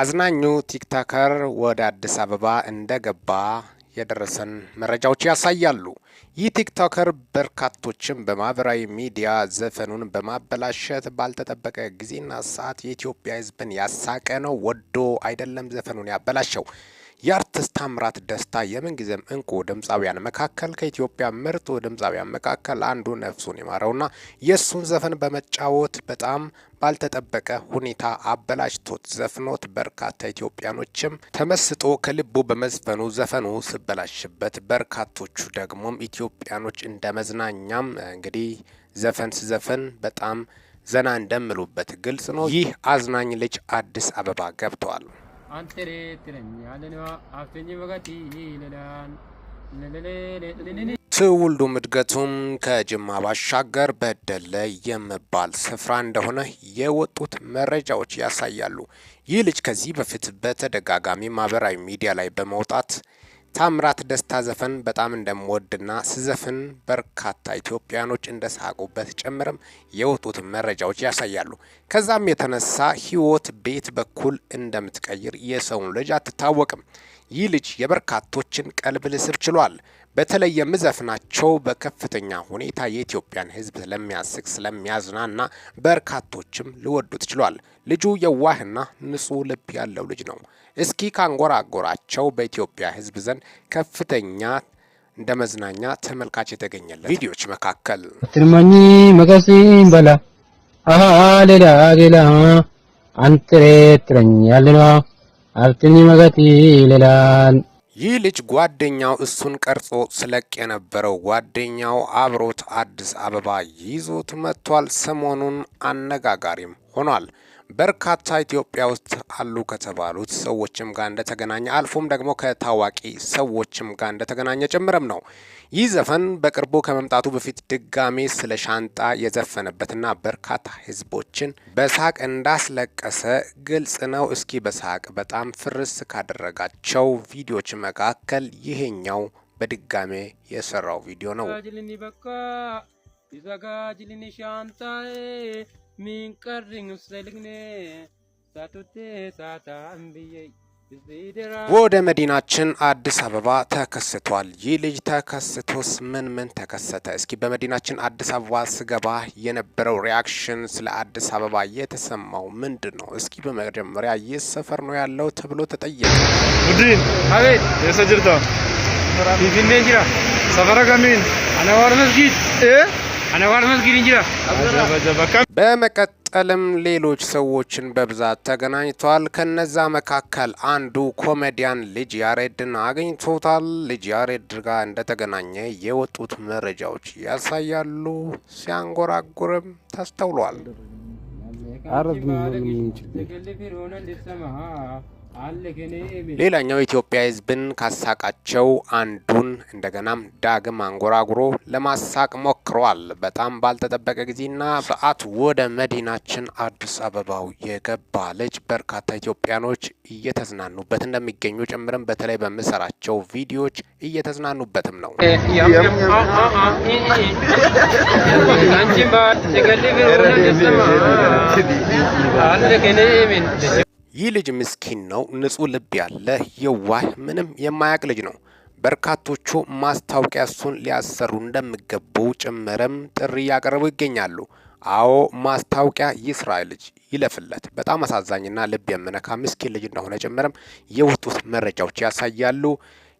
አዝናኙ ቲክቶከር ወደ አዲስ አበባ እንደገባ የደረሰን መረጃዎች ያሳያሉ። ይህ ቲክቶከር በርካቶችን በማህበራዊ ሚዲያ ዘፈኑን በማበላሸት ባልተጠበቀ ጊዜና ሰዓት የኢትዮጵያ ሕዝብን ያሳቀ ነው። ወዶ አይደለም ዘፈኑን ያበላሸው። የአርቲስት ታምራት ደስታ የምንጊዜም እንቁ ድምፃውያን መካከል ከኢትዮጵያ ምርጡ ድምፃውያን መካከል አንዱ ነፍሱን ይማረውና የእሱን ዘፈን በመጫወት በጣም ባልተጠበቀ ሁኔታ አበላሽቶት ዘፍኖት በርካታ ኢትዮጵያኖችም ተመስጦ ከልቡ በመዝፈኑ ዘፈኑ ስበላሽበት በርካቶቹ ደግሞም ኢትዮጵያኖች እንደ መዝናኛም እንግዲህ ዘፈን ስዘፈን በጣም ዘና እንደምሉበት ግልጽ ነው። ይህ አዝናኝ ልጅ አዲስ አበባ ገብቷል። ትውልዱም እድገቱም ከጅማ ባሻገር በደለ የሚባል ስፍራ እንደሆነ የወጡት መረጃዎች ያሳያሉ። ይህ ልጅ ከዚህ በፊት በተደጋጋሚ ማህበራዊ ሚዲያ ላይ በመውጣት ታምራት ደስታ ዘፈን በጣም እንደምወድና ስዘፍን በርካታ ኢትዮጵያኖች እንደሳቁበት ጭምርም የወጡት መረጃዎች ያሳያሉ። ከዛም የተነሳ ህይወት ቤት በኩል እንደምትቀይር የሰውን ልጅ አትታወቅም። ይህ ልጅ የበርካቶችን ቀልብ ልስብ ችሏል። በተለይ የምዘፍናቸው በከፍተኛ ሁኔታ የኢትዮጵያን ሕዝብ ስለሚያስቅ ስለሚያዝናና በርካቶችም ሊወዱት ችሏል። ልጁ የዋህና ንጹህ ልብ ያለው ልጅ ነው። እስኪ ካንጎራጎራቸው በኢትዮጵያ ሕዝብ ዘንድ ከፍተኛ እንደ መዝናኛ ተመልካች የተገኘለት ቪዲዮዎች መካከል ትልማኝ መቀሲም በላ አሃ ሌላ ሌላ አንጥሬ ትረኛልና አልትኝ መቀቲ ሌላ ይህ ልጅ ጓደኛው እሱን ቀርጾ ስለቅ የነበረው ጓደኛው አብሮት አዲስ አበባ ይዞት መጥቷል። ሰሞኑን አነጋጋሪም ሆኗል። በርካታ ኢትዮጵያ ውስጥ አሉ ከተባሉት ሰዎችም ጋር እንደተገናኘ አልፎም ደግሞ ከታዋቂ ሰዎችም ጋር እንደተገናኘ ጭምርም ነው። ይህ ዘፈን በቅርቡ ከመምጣቱ በፊት ድጋሜ ስለ ሻንጣ የዘፈነበትና በርካታ ህዝቦችን በሳቅ እንዳስለቀሰ ግልጽ ነው። እስኪ በሳቅ በጣም ፍርስ ካደረጋቸው ቪዲዮዎች መካከል ይሄኛው በድጋሜ የሰራው ቪዲዮ ነው። ወደ መዲናችን አዲስ አበባ ተከስቷል። ይህ ልጅ ተከስቶስ ምን ምን ተከሰተ? እስኪ በመዲናችን አዲስ አበባ ስገባ የነበረው ሪያክሽን ስለ አዲስ አበባ የተሰማው ምንድን ነው? እስኪ በመጀመሪያ ይህ ሰፈር ነው ያለው ተብሎ ተጠየቀ። ቡድን አቤት የሰጅርታ ፊፊኔ ጅራ ሰፈረ ከሚን አነዋር መስጊድ በመቀጠልም ሌሎች ሰዎችን በብዛት ተገናኝተዋል። ከነዛ መካከል አንዱ ኮሜዲያን ልጅ ያሬድን አግኝቶታል። ልጅ ያሬድ ጋር እንደተገናኘ የወጡት መረጃዎች ያሳያሉ። ሲያንጎራጉርም ተስተውሏል። ሌላኛው የኢትዮጵያ ህዝብን ካሳቃቸው አንዱን እንደገናም ዳግም አንጎራጉሮ ለማሳቅ ሞክረዋል። በጣም ባልተጠበቀ ጊዜና በአት ወደ መዲናችን አዲስ አበባው የገባ ልጅ በርካታ ኢትዮጵያኖች እየተዝናኑበት እንደሚገኙ ጭምርም በተለይ በምሰራቸው ቪዲዮዎች እየተዝናኑበትም ነው። ይህ ልጅ ምስኪን ነው። ንጹህ ልብ ያለ የዋህ ምንም የማያቅ ልጅ ነው። በርካቶቹ ማስታወቂያ እሱን ሊያሰሩ እንደሚገቡ ጭምርም ጥሪ እያቀረቡ ይገኛሉ። አዎ ማስታወቂያ ይስራ፣ ልጅ ይለፍለት። በጣም አሳዛኝና ልብ የምነካ ምስኪን ልጅ እንደሆነ ጭምርም የወጡት መረጃዎች ያሳያሉ።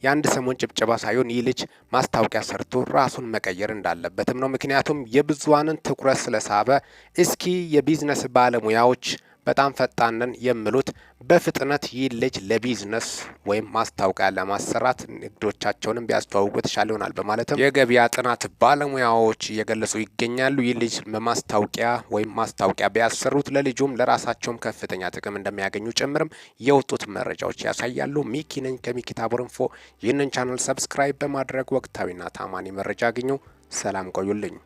የአንድ ሰሞን ጭብጨባ ሳይሆን ይህ ልጅ ማስታወቂያ ሰርቶ ራሱን መቀየር እንዳለበትም ነው። ምክንያቱም የብዙሃንን ትኩረት ስለሳበ እስኪ የቢዝነስ ባለሙያዎች በጣም ፈጣን ነን የሚሉት በፍጥነት ይህ ልጅ ለቢዝነስ ወይም ማስታወቂያ ለማሰራት ንግዶቻቸውንም ቢያስተዋውቁ የተሻለ ይሆናል በማለትም የገበያ ጥናት ባለሙያዎች እየገለጹ ይገኛሉ። ይህ ልጅ በማስታወቂያ ወይም ማስታወቂያ ቢያሰሩት ለልጁም ለራሳቸውም ከፍተኛ ጥቅም እንደሚያገኙ ጭምርም የወጡት መረጃዎች ያሳያሉ። ሚኪ ነኝ ከሚኪታቦር ኢንፎ። ይህንን ቻናል ሰብስክራይብ በማድረግ ወቅታዊና ታማኒ መረጃ አግኙ። ሰላም ቆዩልኝ።